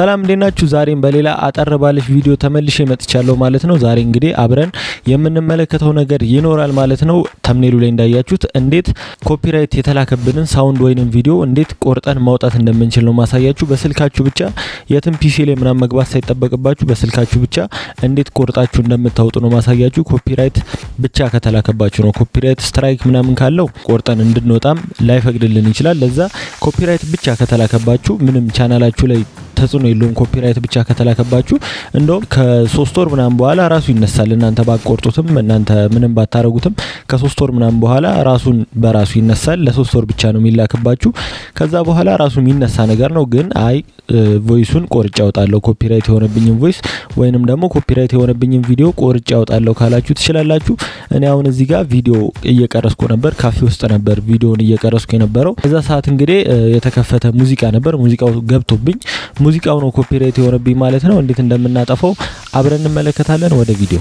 ሰላም እንዴት ናችሁ? ዛሬም በሌላ አጠር ባለች ቪዲዮ ተመልሼ መጥቻለሁ ማለት ነው። ዛሬ እንግዲህ አብረን የምንመለከተው ነገር ይኖራል ማለት ነው። ተምኔሉ ላይ እንዳያችሁት እንዴት ኮፒራይት የተላከብንን ሳውንድ ወይንም ቪዲዮ እንዴት ቆርጠን ማውጣት እንደምንችል ነው ማሳያችሁ። በስልካችሁ ብቻ የትም ፒሲ ላይ ምናምን መግባት ሳይጠበቅባችሁ በስልካችሁ ብቻ እንዴት ቆርጣችሁ እንደምታወጡ ነው ማሳያችሁ። ኮፒራይት ብቻ ከተላከባችሁ ነው። ኮፒራይት ስትራይክ ምናምን ካለው ቆርጠን እንድንወጣም ላይፈቅድልን ይችላል። ለዛ ኮፒራይት ብቻ ከተላከባችሁ ምንም ቻናላችሁ ላይ ተጽዕኖ የለውም። ኮፒራይት ብቻ ከተላከባችሁ እንደውም ከሶስት ወር ምናምን በኋላ ራሱ ይነሳል። እናንተ ባቆርጡትም እናንተ ምንም ባታረጉትም ከሶስት ወር ምናምን በኋላ ራሱን በራሱ ይነሳል። ለሶስት ወር ብቻ ነው የሚላክባችሁ። ከዛ በኋላ ራሱ የሚነሳ ነገር ነው። ግን አይ ቮይሱን ቆርጬ አውጣለሁ ኮፒራይት የሆነብኝን ቮይስ ወይንም ደግሞ ኮፒራይት የሆነብኝን ቪዲዮ ቆርጬ አውጣለሁ ካላችሁ ትችላላችሁ። እኔ አሁን እዚህ ጋር ቪዲዮ እየቀረስኩ ነበር፣ ካፌ ውስጥ ነበር ቪዲዮን እየቀረስኩ የነበረው። በዛ ሰዓት እንግዲህ የተከፈተ ሙዚቃ ነበር። ሙዚቃው ገብቶብኝ ሙዚቃው ነው ኮፒራይት የሆነብኝ ማለት ነው። እንዴት እንደምናጠፈው አብረን እንመለከታለን። ወደ ቪዲዮ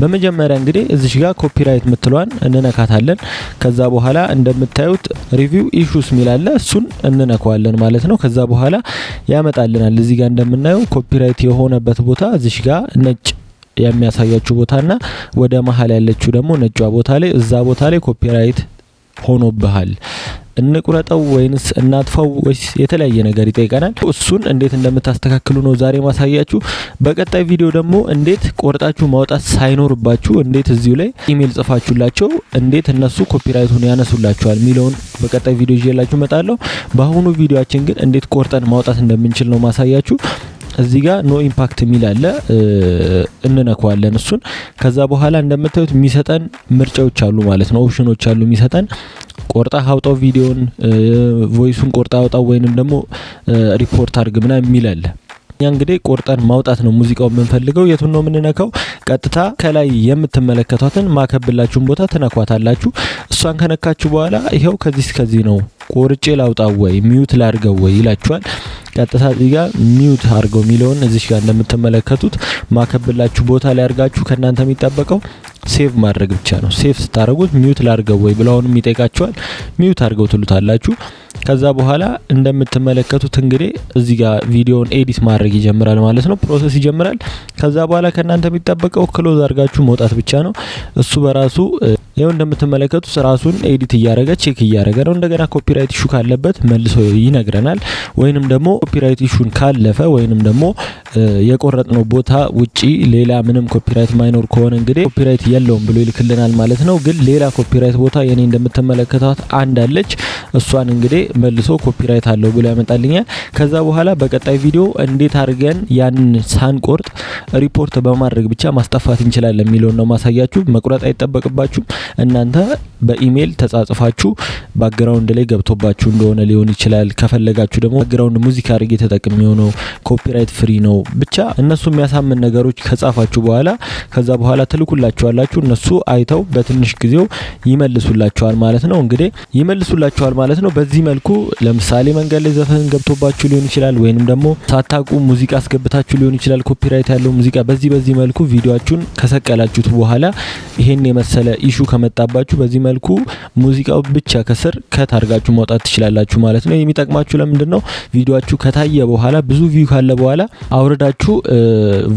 በመጀመሪያ እንግዲህ እዚሽ ጋር ኮፒራይት ምትሏን እንነካታለን። ከዛ በኋላ እንደምታዩት ሪቪው ኢሹስ ሚላለ እሱን እንነካዋለን ማለት ነው። ከዛ በኋላ ያመጣልናል። እዚህ ጋር እንደምናየው ኮፒራይት የሆነበት ቦታ እዚሽ ጋር ነጭ የሚያሳያችሁ ቦታና ወደ መሀል ያለችው ደግሞ ነጯ ቦታ ላይ እዛ ቦታ ላይ ኮፒራይት ሆኖብሃል እንቁረጠው ወይንስ እናጥፈው ወይስ የተለያየ ነገር ይጠይቀናል። እሱን እንዴት እንደምታስተካክሉ ነው ዛሬ ማሳያችሁ። በቀጣይ ቪዲዮ ደግሞ እንዴት ቆርጣችሁ ማውጣት ሳይኖርባችሁ እንዴት እዚሁ ላይ ኢሜል ጽፋችሁላቸው እንዴት እነሱ ኮፒራይቱን ያነሱላችኋል የሚለውን በቀጣይ ቪዲዮ ይዤላችሁ እመጣለሁ። በአሁኑ ቪዲዮችን ግን እንዴት ቆርጠን ማውጣት እንደምንችል ነው ማሳያችሁ። እዚህ ጋር ኖ ኢምፓክት የሚል አለ፣ እንነካዋለን እሱን። ከዛ በኋላ እንደምታዩት የሚሰጠን ምርጫዎች አሉ ማለት ነው፣ ኦፕሽኖች አሉ የሚሰጠን ቆርጣ አውጣው ቪዲዮን ቮይሱን ቆርጣ አውጣው ወይንም ደግሞ ሪፖርት አድርግ ምና የሚል አለ። እኛ እንግዲህ ቆርጠን ማውጣት ነው ሙዚቃው የምንፈልገው። የቱን ነው የምንነካው? ቀጥታ ከላይ የምትመለከቷትን ማከብላችሁን ቦታ ትነኳታላችሁ። እሷን ከነካችሁ በኋላ ይኸው ከዚህ ከዚህ ነው ቆርጬ ላውጣ ወይ ሚዩት ላድርገው ወይ ይላችኋል። ቀጥታ እዚህ ጋር ሚውት አድርገው የሚለውን እዚህ ጋር እንደምትመለከቱት ማከብላችሁ ቦታ ላይ አድርጋችሁ ከእናንተ የሚጠበቀው ሴቭ ማድረግ ብቻ ነው። ሴቭ ስታደርጉት ሚውት ላድርገው ወይ ብለውንም ይጠይቃችኋል። ሚውት አድርገው ትሉታላችሁ። ከዛ በኋላ እንደምትመለከቱት እንግዲህ እዚህ ጋር ቪዲዮውን ኤዲት ማድረግ ይጀምራል ማለት ነው። ፕሮሰስ ይጀምራል። ከዛ በኋላ ከእናንተ የሚጠበቀው ክሎዝ አድርጋችሁ መውጣት ብቻ ነው። እሱ በራሱ ይኸው እንደምትመለከቱት ራሱን ኤዲት እያደረገ ቼክ እያደረገ ነው። እንደገና ኮፒራይት ኢሹ ካለበት መልሶ ይነግረናል። ወይንም ደግሞ ኮፒራይት ኢሹን ካለፈ ወይንም ደግሞ የቆረጥነው ቦታ ውጪ ሌላ ምንም ኮፒራይት ማይኖር ከሆነ እንግዲህ ኮፒራይት የለውም ብሎ ይልክልናል ማለት ነው። ግን ሌላ ኮፒራይት ቦታ የኔ እንደምትመለከቷት አንድ አለች። እሷን እንግዲህ መልሶ ኮፒራይት አለው ብሎ ያመጣልኛል። ከዛ በኋላ በቀጣይ ቪዲዮ እንዴት አድርገን ያንን ሳንቆርጥ ሪፖርት በማድረግ ብቻ ማስጠፋት እንችላለን የሚለውን ነው ማሳያችሁ። መቁረጥ አይጠበቅባችሁም። እናንተ በኢሜይል ተጻጽፋችሁ ባክግራውንድ ላይ ገብቶባችሁ እንደሆነ ሊሆን ይችላል። ከፈለጋችሁ ደግሞ ባክግራውንድ ሙዚቃ አድርጌ ተጠቅሚ የሆነው ኮፒራይት ፍሪ ነው። ብቻ እነሱ የሚያሳምን ነገሮች ከጻፋችሁ በኋላ ከዛ በኋላ ትልኩላችኋላችሁ። እነሱ አይተው በትንሽ ጊዜው ይመልሱላችኋል ማለት ነው። እንግዲህ ይመልሱላችኋል ማለት ነው። በዚህ መልኩ ለምሳሌ መንገድ ላይ ዘፈን ገብቶባችሁ ሊሆን ይችላል፣ ወይንም ደግሞ ሳታቁ ሙዚቃ አስገብታችሁ ሊሆን ይችላል፣ ኮፒራይት ያለው ሙዚቃ። በዚህ በዚህ መልኩ ቪዲዮችሁን ከሰቀላችሁት በኋላ ይሄን የመሰለ ኢሹ ከመጣባችሁ በዚህ መልኩ ሙዚቃው ብቻ ከስር ከት አድርጋችሁ ማውጣት ትችላላችሁ ማለት ነው። የሚጠቅማችሁ ለምንድን ነው? ቪዲዮችሁ ከታየ በኋላ ብዙ ቪው ካለ በኋላ አውርዳችሁ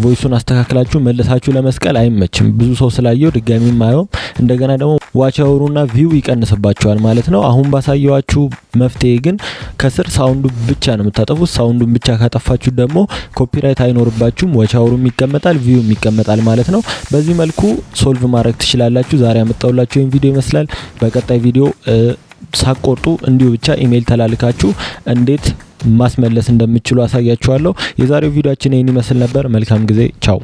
ቮይሱን አስተካክላችሁ መለሳችሁ ለመስቀል አይመችም። ብዙ ሰው ስላየው ድጋሚ ማየውም እንደገና ደግሞ ዋቻወሩና ቪው ይቀንስባቸዋል ማለት ነው። አሁን ባሳየዋችሁ መፍትሄ ግን ከስር ሳውንዱ ብቻ ነው የምታጠፉት። ሳውንዱን ብቻ ካጠፋችሁ ደግሞ ኮፒራይት አይኖርባችሁም። ወቻውሩም ይቀመጣል፣ ቪውም ይቀመጣል ማለት ነው። በዚህ መልኩ ሶልቭ ማድረግ ትችላላችሁ። ዛሬ ያመጣውላችሁ ቪዲዮ ይመስላል። ይመስላል። በቀጣይ ቪዲዮ ሳቆርጡ እንዲሁ ብቻ ኢሜይል ተላልካችሁ እንዴት ማስመለስ እንደምችሉ አሳያችኋለሁ። የዛሬው ቪዲዮችን ይህን ይመስል ነበር። መልካም ጊዜ። ቻው